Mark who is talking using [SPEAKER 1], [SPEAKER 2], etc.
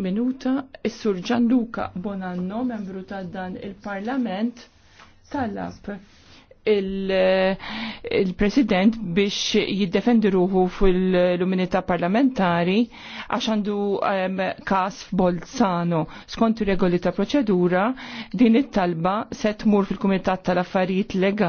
[SPEAKER 1] minuta is-sur Gianluca Bonanno, membru ta' dan il-Parlament, talab il-President il biex jiddefendi ruħu fil luminita parlamentari għax għandu um, kas f'Bolzano. Skont regoli ta' proċedura, din it-talba se
[SPEAKER 2] tmur fil-Kumitat tal-Affarijiet Legali.